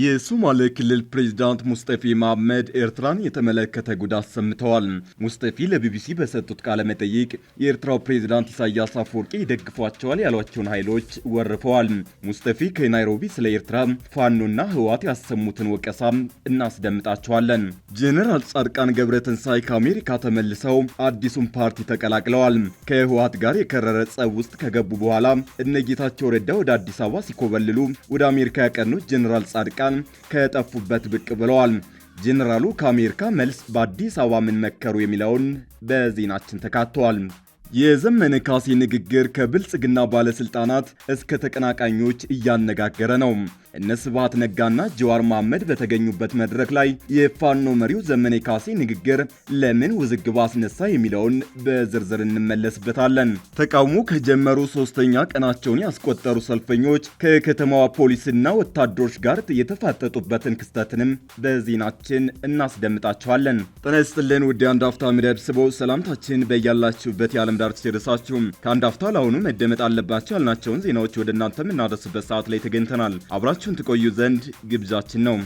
የሶማሌ ክልል ፕሬዚዳንት ሙስጠፊ መሐመድ ኤርትራን የተመለከተ ጉዳት አሰምተዋል። ሙስጠፊ ለቢቢሲ በሰጡት ቃለ መጠይቅ የኤርትራው ፕሬዚዳንት ኢሳያስ አፈወርቂ ይደግፏቸዋል ያሏቸውን ኃይሎች ወርፈዋል። ሙስጠፊ ከናይሮቢ ስለ ኤርትራ ፋኖና ህዋት ያሰሙትን ወቀሳም እናስደምጣቸዋለን። ጄኔራል ጻድቃን ገብረ ትንሳኤ ከአሜሪካ ተመልሰው አዲሱን ፓርቲ ተቀላቅለዋል። ከህዋት ጋር የከረረ ጸብ ውስጥ ከገቡ በኋላ እነ ጌታቸው ረዳ ወደ አዲስ አበባ ሲኮበልሉ ወደ አሜሪካ ያቀኑት ጄኔራል ጻድቃን ቃል ከጠፉበት ብቅ ብለዋል። ጄኔራሉ ከአሜሪካ መልስ በአዲስ አበባ ምን መከሩ የሚለውን በዜናችን ተካቷል። የዘመነ ካሴ ንግግር ከብልጽግና ባለስልጣናት እስከ ተቀናቃኞች እያነጋገረ ነው። እነ ስብሃት ነጋና ጀዋር መሐመድ በተገኙበት መድረክ ላይ የፋኖ መሪው ዘመነ ካሴ ንግግር ለምን ውዝግብ አስነሳ የሚለውን በዝርዝር እንመለስበታለን። ተቃውሞ ከጀመሩ ሶስተኛ ቀናቸውን ያስቆጠሩ ሰልፈኞች ከከተማዋ ፖሊስና ወታደሮች ጋር የተፋጠጡበትን ክስተትንም በዜናችን እናስደምጣቸዋለን። ጤና ይስጥልን ውድ አንድ አፍታ ሚዲያ ቤተሰቦች ሰላምታችን በያላችሁበት የዓለም ዳር ትደርሳችሁ። ከአንድ አፍታ ለአሁኑ መደመጥ አለባቸው ያልናቸውን ዜናዎች ወደ እናንተ የምናደርስበት ሰዓት ላይ ተገኝተናል። አብራችሁን ትቆዩ ዘንድ ግብዣችን ነው።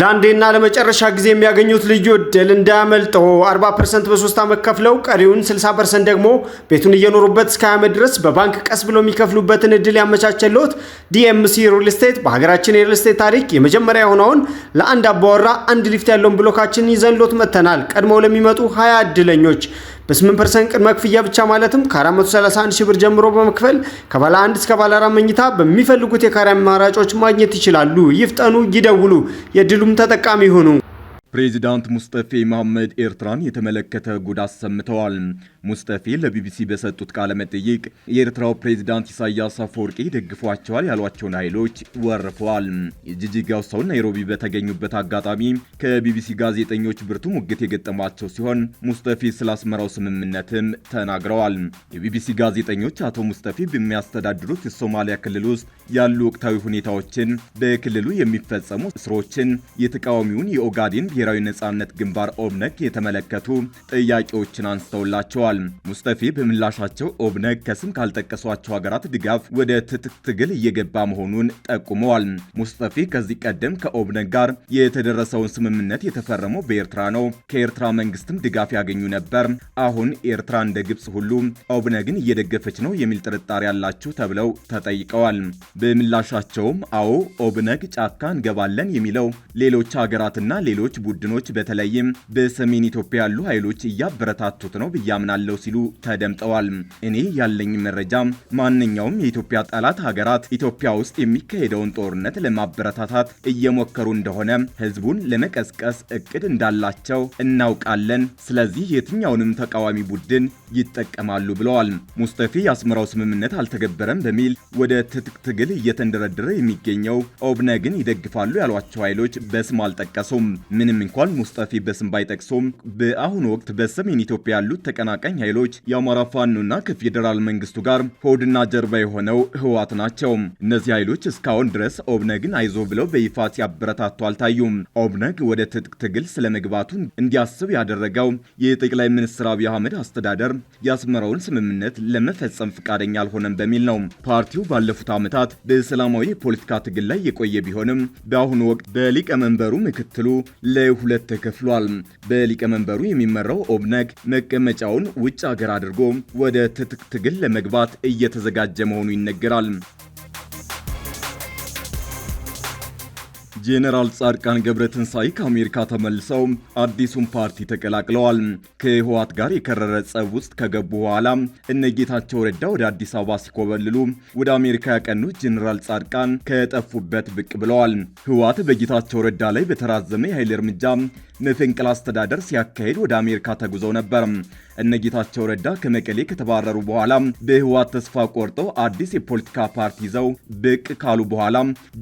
ለአንዴና ለመጨረሻ ጊዜ የሚያገኙት ልዩ እድል እንዳያመልጠው 40% በሶስት ዓመት ከፍለው ቀሪውን 60% ደግሞ ቤቱን እየኖሩበት እስከ ዓመት ድረስ በባንክ ቀስ ብሎ የሚከፍሉበትን እድል ያመቻቸልዎት ዲኤምሲ ሪል ስቴት በሀገራችን የሪል ስቴት ታሪክ የመጀመሪያ የሆነውን ለአንድ አባወራ አንድ ሊፍት ያለውን ብሎካችን ይዘንሎት መጥተናል። ቀድመው ለሚመጡ 20 እድለኞች በ8 ፐርሰንት ቅድመ ክፍያ ብቻ ማለትም ከ431 ሺህ ብር ጀምሮ በመክፈል ከባለ 1 እስከ ባለ 4 መኝታ በሚፈልጉት የካሬ አማራጮች ማግኘት ይችላሉ። ይፍጠኑ፣ ይደውሉ፣ የድሉም ተጠቃሚ ይሁኑ። ፕሬዚዳንት ሙስጠፌ መሐመድ ኤርትራን የተመለከተ ጉድ አሰምተዋል። ሙስተፌ ለቢቢሲ በሰጡት ቃለ መጠይቅ የኤርትራው ፕሬዚዳንት ኢሳያስ አፈወርቂ ደግፏቸዋል ያሏቸውን ኃይሎች ወርፈዋል። የጂጂጋው ሰው ናይሮቢ በተገኙበት አጋጣሚ ከቢቢሲ ጋዜጠኞች ብርቱ ሙግት የገጠማቸው ሲሆን ሙስተፌ ስለ አስመራው ስምምነትም ተናግረዋል። የቢቢሲ ጋዜጠኞች አቶ ሙስተፌ በሚያስተዳድሩት የሶማሊያ ክልል ውስጥ ያሉ ወቅታዊ ሁኔታዎችን፣ በክልሉ የሚፈጸሙ እስሮችን፣ የተቃዋሚውን የኦጋዴን ብሔራዊ ነጻነት ግንባር ኦብነግ የተመለከቱ ጥያቄዎችን አንስተውላቸዋል። ተናግረዋል። ሙስጠፊ በምላሻቸው ኦብነግ ከስም ካልጠቀሷቸው ሀገራት ድጋፍ ወደ ትጥቅ ትግል እየገባ መሆኑን ጠቁመዋል። ሙስጠፊ ከዚህ ቀደም ከኦብነግ ጋር የተደረሰውን ስምምነት የተፈረመው በኤርትራ ነው። ከኤርትራ መንግስትም ድጋፍ ያገኙ ነበር። አሁን ኤርትራ እንደ ግብፅ ሁሉ ኦብነግን እየደገፈች ነው የሚል ጥርጣሬ ያላችሁ ተብለው ተጠይቀዋል። በምላሻቸውም አዎ ኦብነግ ጫካ እንገባለን የሚለው ሌሎች ሀገራትና ሌሎች ቡድኖች በተለይም በሰሜን ኢትዮጵያ ያሉ ኃይሎች እያበረታቱት ነው ብያምናል አለው ሲሉ ተደምጠዋል። እኔ ያለኝ መረጃ ማንኛውም የኢትዮጵያ ጠላት ሀገራት ኢትዮጵያ ውስጥ የሚካሄደውን ጦርነት ለማበረታታት እየሞከሩ እንደሆነ፣ ህዝቡን ለመቀስቀስ እቅድ እንዳላቸው እናውቃለን። ስለዚህ የትኛውንም ተቃዋሚ ቡድን ይጠቀማሉ ብለዋል። ሙስጠፊ የአስመራው ስምምነት አልተገበረም በሚል ወደ ትጥቅ ትግል እየተንደረደረ የሚገኘው ኦብነግን ይደግፋሉ ያሏቸው ኃይሎች በስም አልጠቀሱም። ምንም እንኳን ሙስጠፊ በስም ባይጠቅሱም በአሁኑ ወቅት በሰሜን ኢትዮጵያ ያሉት ተቀናቃኝ አቀንቃኝ ኃይሎች የአማራ ፋኖና ከፌዴራል መንግስቱ ጋር ሆድና ጀርባ የሆነው ህወሓት ናቸው። እነዚህ ኃይሎች እስካሁን ድረስ ኦብነግን አይዞ ብለው በይፋ ሲያበረታቱ አልታዩም። ኦብነግ ወደ ትጥቅ ትግል ስለ መግባቱ እንዲያስብ ያደረገው የጠቅላይ ሚኒስትር አብይ አህመድ አስተዳደር የአስመራውን ስምምነት ለመፈጸም ፈቃደኛ አልሆነም በሚል ነው። ፓርቲው ባለፉት ዓመታት በሰላማዊ የፖለቲካ ትግል ላይ የቆየ ቢሆንም በአሁኑ ወቅት በሊቀመንበሩ ምክትሉ ለሁለት ተከፍሏል። በሊቀመንበሩ የሚመራው ኦብነግ መቀመጫውን ውጭ ሀገር አድርጎ ወደ ትጥቅ ትግል ለመግባት እየተዘጋጀ መሆኑ ይነገራል። ጄኔራል ጻድቃን ገብረትንሳይ ከአሜሪካ ተመልሰው አዲሱን ፓርቲ ተቀላቅለዋል። ከህወሓት ጋር የከረረ ጸብ ውስጥ ከገቡ በኋላ እነ ጌታቸው ረዳ ወደ አዲስ አበባ ሲኮበልሉ ወደ አሜሪካ ያቀኑት ጄኔራል ጻድቃን ከጠፉበት ብቅ ብለዋል። ህወሓት በጌታቸው ረዳ ላይ በተራዘመ የኃይል እርምጃ መፈንቅለ አስተዳደር ሲያካሄድ ወደ አሜሪካ ተጉዘው ነበር። እነጌታቸው ረዳ ከመቀሌ ከተባረሩ በኋላ በህወሓት ተስፋ ቆርጠው አዲስ የፖለቲካ ፓርቲ ይዘው ብቅ ካሉ በኋላ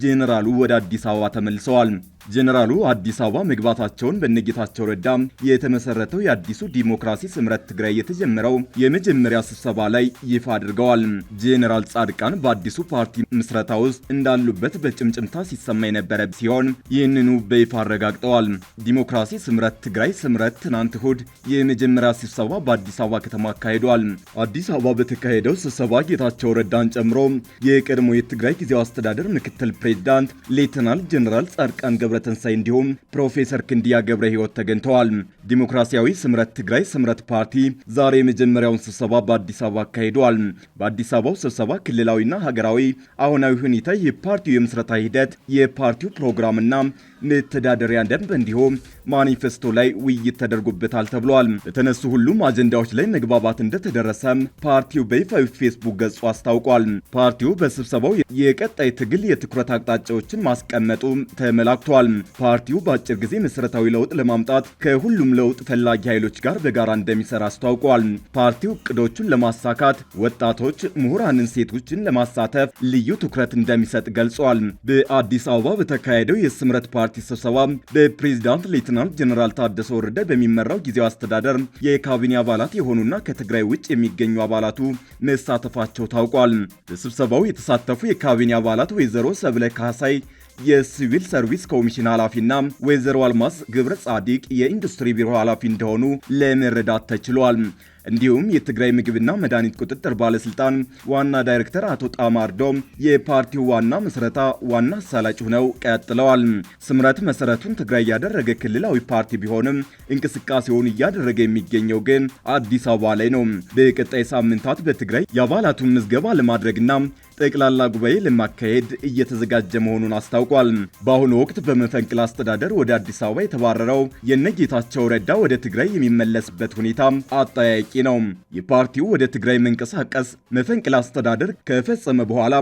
ጄኔራሉ ወደ አዲስ አበባ ተመልሰዋል። ጄኔራሉ አዲስ አበባ መግባታቸውን በነጌታቸው ረዳ የተመሰረተው የአዲሱ ዲሞክራሲ ስምረት ትግራይ የተጀመረው የመጀመሪያ ስብሰባ ላይ ይፋ አድርገዋል። ጄኔራል ጻድቃን በአዲሱ ፓርቲ ምስረታ ውስጥ እንዳሉበት በጭምጭምታ ሲሰማ የነበረ ሲሆን ይህንኑ በይፋ አረጋግጠዋል። ዲሞክራሲ ስምረት ትግራይ ስምረት ትናንት እሁድ የመጀመሪያ ስብሰባ በአዲስ አበባ ከተማ አካሂዷል። አዲስ አበባ በተካሄደው ስብሰባ ጌታቸው ረዳን ጨምሮ የቀድሞ የትግራይ ጊዜያዊ አስተዳደር ምክትል ፕሬዚዳንት ሌተናል ጄኔራል ጻድቃን ገብረ ገብረትንሳይ እንዲሁም ፕሮፌሰር ክንዲያ ገብረ ሕይወት ተገኝተዋል። ዲሞክራሲያዊ ስምረት ትግራይ ስምረት ፓርቲ ዛሬ የመጀመሪያውን ስብሰባ በአዲስ አበባ አካሂደዋል። በአዲስ አበባው ስብሰባ ክልላዊና ሀገራዊ አሁናዊ ሁኔታ፣ የፓርቲው የምስረታ ሂደት፣ የፓርቲው ፕሮግራምና መተዳደሪያ ደንብ እንዲሁም ማኒፌስቶ ላይ ውይይት ተደርጎበታል ተብሏል። በተነሱ ሁሉም አጀንዳዎች ላይ መግባባት እንደተደረሰ ፓርቲው በይፋዊ ፌስቡክ ገጹ አስታውቋል። ፓርቲው በስብሰባው የቀጣይ ትግል የትኩረት አቅጣጫዎችን ማስቀመጡ ተመላክቷል። አስታውቀዋል። ፓርቲው በአጭር ጊዜ መሰረታዊ ለውጥ ለማምጣት ከሁሉም ለውጥ ፈላጊ ኃይሎች ጋር በጋራ እንደሚሰራ አስታውቀዋል። ፓርቲው እቅዶቹን ለማሳካት ወጣቶች፣ ምሁራንን፣ ሴቶችን ለማሳተፍ ልዩ ትኩረት እንደሚሰጥ ገልጿል። በአዲስ አበባ በተካሄደው የስምረት ፓርቲ ስብሰባ በፕሬዚዳንት ሌትናንት ጀኔራል ታደሰ ወረደ በሚመራው ጊዜያዊ አስተዳደር የካቢኔ አባላት የሆኑና ከትግራይ ውጭ የሚገኙ አባላቱ መሳተፋቸው ታውቋል። በስብሰባው የተሳተፉ የካቢኔ አባላት ወይዘሮ ሰብለ ካሳይ የሲቪል ሰርቪስ ኮሚሽን ኃላፊና ወይዘሮ አልማዝ ግብረ ጻዲቅ የኢንዱስትሪ ቢሮ ኃላፊ እንደሆኑ ለመረዳት ተችሏል። እንዲሁም የትግራይ ምግብና መድኃኒት ቁጥጥር ባለስልጣን ዋና ዳይሬክተር አቶ ጣማርዶ የፓርቲው ዋና ምስረታ ዋና አሳላጭ ሆነው ቀጥለዋል። ስምረት መሰረቱን ትግራይ ያደረገ ክልላዊ ፓርቲ ቢሆንም እንቅስቃሴውን እያደረገ የሚገኘው ግን አዲስ አበባ ላይ ነው። በቀጣይ ሳምንታት በትግራይ የአባላቱን ምዝገባ ለማድረግና ጠቅላላ ጉባኤ ለማካሄድ እየተዘጋጀ መሆኑን አስታውቋል። በአሁኑ ወቅት በመፈንቅለ አስተዳደር ወደ አዲስ አበባ የተባረረው የነጌታቸው ረዳ ወደ ትግራይ የሚመለስበት ሁኔታ አጠያቂ ነው። የፓርቲው ወደ ትግራይ መንቀሳቀስ መፈንቅለ አስተዳደር ከፈጸመ በኋላ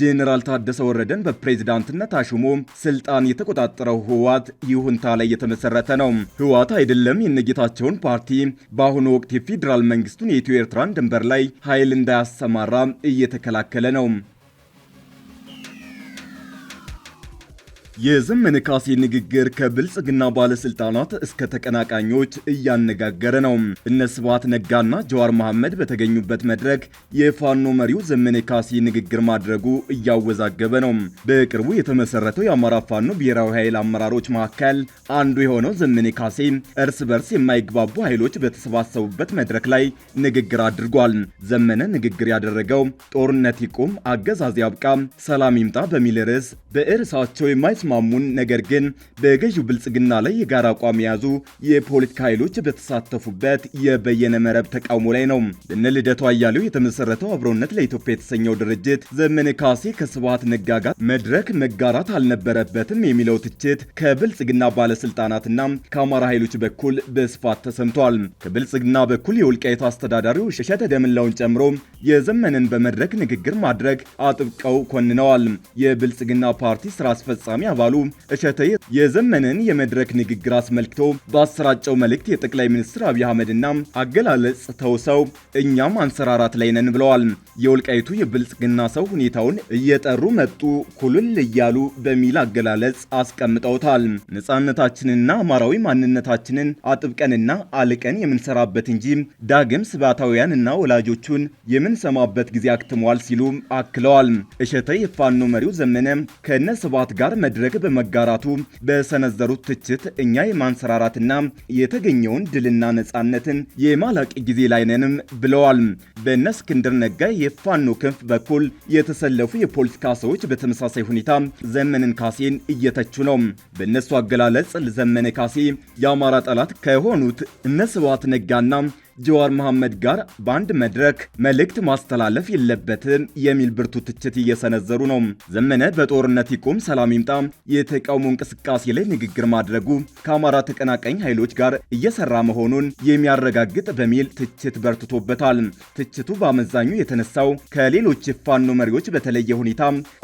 ጄኔራል ታደሰ ወረደን በፕሬዝዳንትነት አሹሞ ስልጣን የተቆጣጠረው ህወሓት ይሁንታ ላይ የተመሰረተ ነው። ህወሓት አይደለም የነጌታቸውን ፓርቲ በአሁኑ ወቅት የፌዴራል መንግስቱን የኢትዮ ኤርትራን ድንበር ላይ ኃይል እንዳያሰማራ እየተከላከለ ነው። የዘመነ ካሴ ንግግር ከብልጽግና ባለስልጣናት እስከ ተቀናቃኞች እያነጋገረ ነው። እነ ስብሃት ነጋና ጀዋር መሐመድ በተገኙበት መድረክ የፋኖ መሪው ዘመነ ካሴ ንግግር ማድረጉ እያወዛገበ ነው። በቅርቡ የተመሰረተው የአማራ ፋኖ ብሔራዊ ኃይል አመራሮች መካከል አንዱ የሆነው ዘመነ ካሴ እርስ በርስ የማይግባቡ ኃይሎች በተሰባሰቡበት መድረክ ላይ ንግግር አድርጓል። ዘመነ ንግግር ያደረገው ጦርነት ይቁም፣ አገዛዝ ያብቃ፣ ሰላም ይምጣ በሚል ርዕስ በእርሳቸው የማይስማ አይስማሙን፣ ነገር ግን በገዢው ብልጽግና ላይ የጋራ አቋም የያዙ የፖለቲካ ኃይሎች በተሳተፉበት የበየነ መረብ ተቃውሞ ላይ ነው። በነ ልደቱ አያሌው የተመሰረተው አብሮነት ለኢትዮጵያ የተሰኘው ድርጅት ዘመነ ካሴ ከስብሃት ነጋ ጋር መድረክ መጋራት አልነበረበትም የሚለው ትችት ከብልጽግና ባለስልጣናትና ከአማራ ኃይሎች በኩል በስፋት ተሰምቷል። ከብልጽግና በኩል የወልቃይት አስተዳዳሪው እሸቴ ደምለውን ጨምሮ የዘመንን በመድረክ ንግግር ማድረግ አጥብቀው ኮንነዋል። የብልጽግና ፓርቲ ስራ አስፈጻሚ አባሉ እሸቴ የዘመነን የመድረክ ንግግር አስመልክቶ በአሰራጨው መልእክት የጠቅላይ ሚኒስትር አብይ አህመድና አገላለጽ ተውሰው እኛም አንሰራራት ላይ ነን ብለዋል። የወልቃይቱ የብልጽግና ሰው ሁኔታውን እየጠሩ መጡ ኩልል እያሉ በሚል አገላለጽ አስቀምጠውታል። ነጻነታችንና አማራዊ ማንነታችንን አጥብቀንና አልቀን የምንሰራበት እንጂ ዳግም ስባታውያንና ወላጆቹን የምንሰማበት ጊዜ አክትሟል ሲሉ አክለዋል። እሸተ የፋኖ መሪው ዘመነ ከነ ስባት ጋር መድረ መድረክ በመጋራቱ በሰነዘሩት ትችት እኛ የማንሰራራትና የተገኘውን ድልና ነጻነትን የማላቅ ጊዜ ላይ ነንም ብለዋል። በእነ እስክንድር ነጋ የፋኖ ክንፍ በኩል የተሰለፉ የፖለቲካ ሰዎች በተመሳሳይ ሁኔታ ዘመንን ካሴን እየተቹ ነው። በእነሱ አገላለጽ ዘመነ ካሴ የአማራ ጠላት ከሆኑት እነ ነጋና ጀዋር መሐመድ ጋር በአንድ መድረክ መልእክት ማስተላለፍ የለበትም የሚል ብርቱ ትችት እየሰነዘሩ ነው። ዘመነ በጦርነት ይቁም ሰላም ይምጣ የተቃውሞ እንቅስቃሴ ላይ ንግግር ማድረጉ ከአማራ ተቀናቃኝ ኃይሎች ጋር እየሰራ መሆኑን የሚያረጋግጥ በሚል ትችት በርትቶበታል። ትችቱ በአመዛኙ የተነሳው ከሌሎች የፋኖ መሪዎች በተለየ ሁኔታ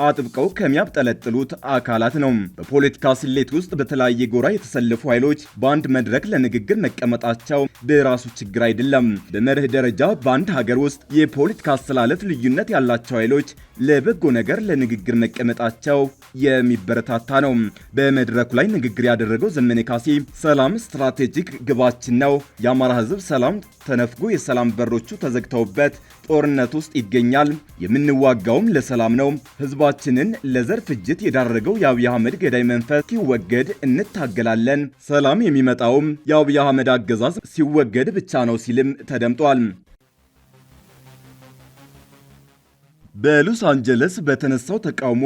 አጥብቀው ከሚያብጠለጥሉት አካላት ነው። በፖለቲካ ስሌት ውስጥ በተለያየ ጎራ የተሰለፉ ኃይሎች በአንድ መድረክ ለንግግር መቀመጣቸው በራሱ ችግር አይደለም። አይደለም። በመርህ ደረጃ በአንድ ሀገር ውስጥ የፖለቲካ አስተላለፍ ልዩነት ያላቸው ኃይሎች ለበጎ ነገር ለንግግር መቀመጣቸው የሚበረታታ ነው። በመድረኩ ላይ ንግግር ያደረገው ዘመነ ካሴ ሰላም ስትራቴጂክ ግባችን ነው፣ የአማራ ህዝብ ሰላም ተነፍጎ የሰላም በሮቹ ተዘግተውበት ጦርነት ውስጥ ይገኛል። የምንዋጋውም ለሰላም ነው። ህዝባችንን ለዘር ፍጅት የዳረገው የአብይ አህመድ ገዳይ መንፈስ ሲወገድ እንታገላለን። ሰላም የሚመጣውም የአብይ አህመድ አገዛዝ ሲወገድ ብቻ ነው ሲልም ተደምጧል። በሎስ አንጀለስ በተነሳው ተቃውሞ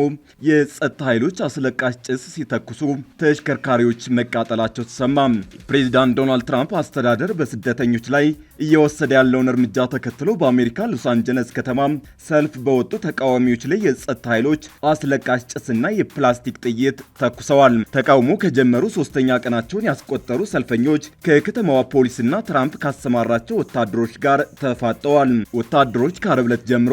የጸጥታ ኃይሎች አስለቃሽ ጭስ ሲተኩሱ ተሽከርካሪዎች መቃጠላቸው ተሰማ። ፕሬዚዳንት ዶናልድ ትራምፕ አስተዳደር በስደተኞች ላይ እየወሰደ ያለውን እርምጃ ተከትሎ በአሜሪካ ሎስ አንጀለስ ከተማ ሰልፍ በወጡ ተቃዋሚዎች ላይ የጸጥታ ኃይሎች አስለቃሽ ጭስና የፕላስቲክ ጥይት ተኩሰዋል። ተቃውሞ ከጀመሩ ሶስተኛ ቀናቸውን ያስቆጠሩ ሰልፈኞች ከከተማዋ ፖሊስና ትራምፕ ካሰማራቸው ወታደሮች ጋር ተፋጠዋል። ወታደሮች ከአርብ ዕለት ጀምሮ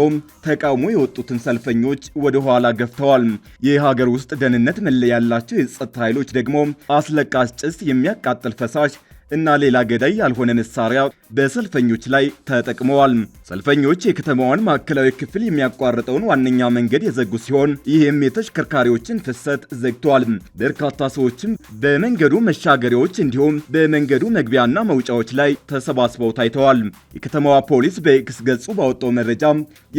ተቃውሞ የወጡትን ሰልፈኞች ወደ ኋላ ገፍተዋል። የሀገር ውስጥ ደህንነት መለያ ያላቸው የጸጥታ ኃይሎች ደግሞ አስለቃሽ ጭስ፣ የሚያቃጥል ፈሳሽ እና ሌላ ገዳይ ያልሆነ መሳሪያ በሰልፈኞች ላይ ተጠቅመዋል። ሰልፈኞች የከተማዋን ማዕከላዊ ክፍል የሚያቋርጠውን ዋነኛ መንገድ የዘጉ ሲሆን ይህም የተሽከርካሪዎችን ፍሰት ዘግቷል። በርካታ ሰዎችም በመንገዱ መሻገሪያዎች እንዲሁም በመንገዱ መግቢያና መውጫዎች ላይ ተሰባስበው ታይተዋል። የከተማዋ ፖሊስ በኤክስ ገጹ ባወጣው መረጃ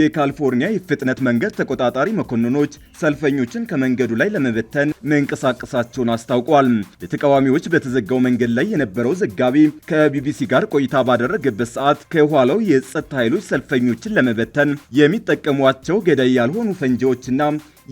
የካሊፎርኒያ የፍጥነት መንገድ ተቆጣጣሪ መኮንኖች ሰልፈኞችን ከመንገዱ ላይ ለመበተን መንቀሳቀሳቸውን አስታውቋል። ለተቃዋሚዎች በተዘጋው መንገድ ላይ የነበረው ዘጋቢ ከቢቢሲ ጋር ቆይታ ባደረገበት ሰዓት ከኋላው የጸጥታ ኃይሎች ሰልፈኞችን ለመበተን የሚጠቀሟቸው ገዳይ ያልሆኑ ፈንጂዎችና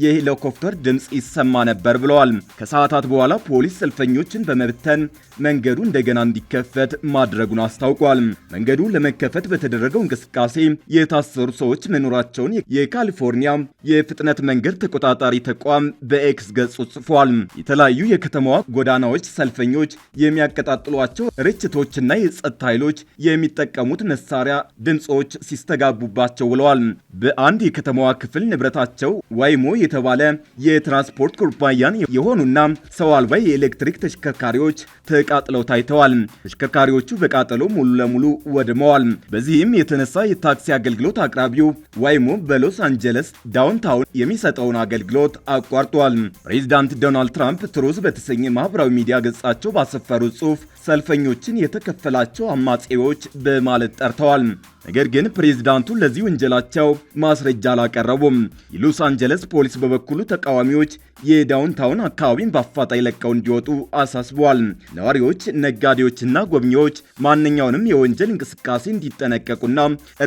የሄሊኮፕተር ድምፅ ይሰማ ነበር ብለዋል። ከሰዓታት በኋላ ፖሊስ ሰልፈኞችን በመብተን መንገዱ እንደገና እንዲከፈት ማድረጉን አስታውቋል። መንገዱ ለመከፈት በተደረገው እንቅስቃሴ የታሰሩ ሰዎች መኖራቸውን የካሊፎርኒያ የፍጥነት መንገድ ተቆጣጣሪ ተቋም በኤክስ ገጹ ጽፏል። የተለያዩ የከተማዋ ጎዳናዎች ሰልፈኞች የሚያቀጣጥሏቸው ርችቶችና የጸጥታ ኃይሎች የሚጠቀሙት መሳሪያ ድምፆች ሲስተጋቡባቸው ውለዋል። በአንድ የከተማዋ ክፍል ንብረታቸው ዋይሞ የተባለ የትራንስፖርት ኩባንያን የሆኑና ሰው አልባ የኤሌክትሪክ ተሽከርካሪዎች ተቃጥለው ታይተዋል። ተሽከርካሪዎቹ በቃጠሎ ሙሉ ለሙሉ ወድመዋል። በዚህም የተነሳ የታክሲ አገልግሎት አቅራቢው ዋይሞ በሎስ አንጀለስ ዳውንታውን የሚሰጠውን አገልግሎት አቋርጧል። ፕሬዚዳንት ዶናልድ ትራምፕ ትሩዝ በተሰኘ ማህበራዊ ሚዲያ ገጻቸው ባሰፈሩት ጽሑፍ ሰልፈኞችን የተከፈላቸው አማጼዎች በማለት ጠርተዋል። ነገር ግን ፕሬዝዳንቱ ለዚህ ወንጀላቸው ማስረጃ አላቀረቡም። የሎስ አንጀለስ ፖሊስ በበኩሉ ተቃዋሚዎች የዳውንታውን አካባቢን በአፋጣኝ ለቀው እንዲወጡ አሳስበዋል። ነዋሪዎች፣ ነጋዴዎችና ጎብኚዎች ማንኛውንም የወንጀል እንቅስቃሴ እንዲጠነቀቁና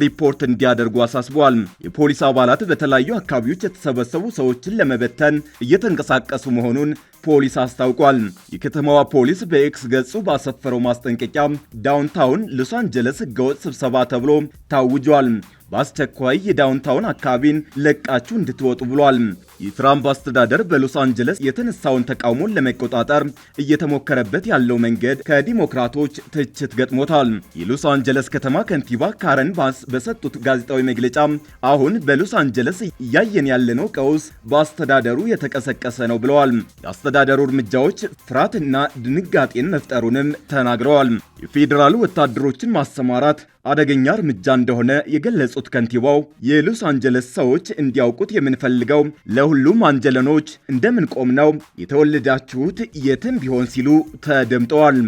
ሪፖርት እንዲያደርጉ አሳስበዋል። የፖሊስ አባላት በተለያዩ አካባቢዎች የተሰበሰቡ ሰዎችን ለመበተን እየተንቀሳቀሱ መሆኑን ፖሊስ አስታውቋል። የከተማዋ ፖሊስ በኤክስ ገጹ ባሰፈረው ማስጠንቀቂያ ዳውንታውን ሎስ አንጀለስ ህገወጥ ስብሰባ ተብሎ ታውጇል። በአስቸኳይ የዳውንታውን አካባቢን ለቃችሁ እንድትወጡ ብሏል። የትራምፕ አስተዳደር በሎስ አንጀለስ የተነሳውን ተቃውሞን ለመቆጣጠር እየተሞከረበት ያለው መንገድ ከዲሞክራቶች ትችት ገጥሞታል። የሎስ አንጀለስ ከተማ ከንቲባ ካረን ባስ በሰጡት ጋዜጣዊ መግለጫ አሁን በሎስ አንጀለስ እያየን ያለነው ቀውስ በአስተዳደሩ የተቀሰቀሰ ነው ብለዋል። የአስተዳደሩ እርምጃዎች ፍርሃትና ድንጋጤን መፍጠሩንም ተናግረዋል። የፌዴራሉ ወታደሮችን ማሰማራት አደገኛ እርምጃ እንደሆነ የገለጹት ከንቲባው የሎስ አንጀለስ ሰዎች እንዲያውቁት የምንፈልገው ለሁሉም አንጀለኖች እንደምንቆም ነው የተወለዳችሁት የትም ቢሆን ሲሉ ተደምጠዋል።